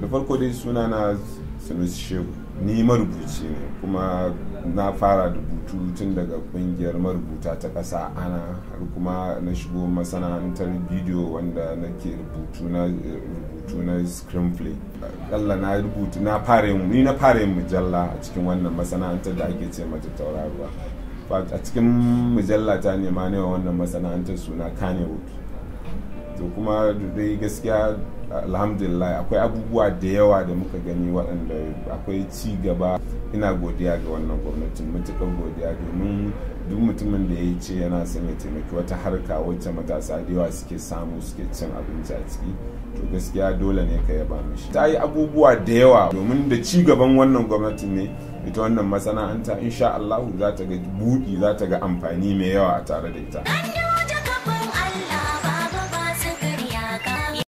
da farko dai suna na sanusi shehu ni marubuci ne kuma na fara rubutu tun daga kungiyar marubuta ta ƙasa ana har kuma na shigo masana'antar bidiyo wanda nake rubutu na rubutu na screenplay kalla na rubutu na fara ni na fara yin mujalla a cikin wannan masana'antar da ake ce mata tauraruwa a cikin mujalla ta ne ma ne wannan masana'antar suna kanewood to kuma dai gaskiya alhamdulillah akwai abubuwa da yawa da muka gani waɗanda akwai ci gaba ina godiya ga wannan gwamnatin matuƙar godiya domin duk mutumin da ya ce yana son ya taimaki wata harka wacce matasa da yawa suke samu suke cin abinci a ciki to gaskiya dole ne ka yaba mishi ta yi abubuwa da yawa domin da ci gaban wannan gwamnatin ne ita wannan masana'anta insha Allah za ta ga buɗi za ta ga amfani mai yawa a tare da ita.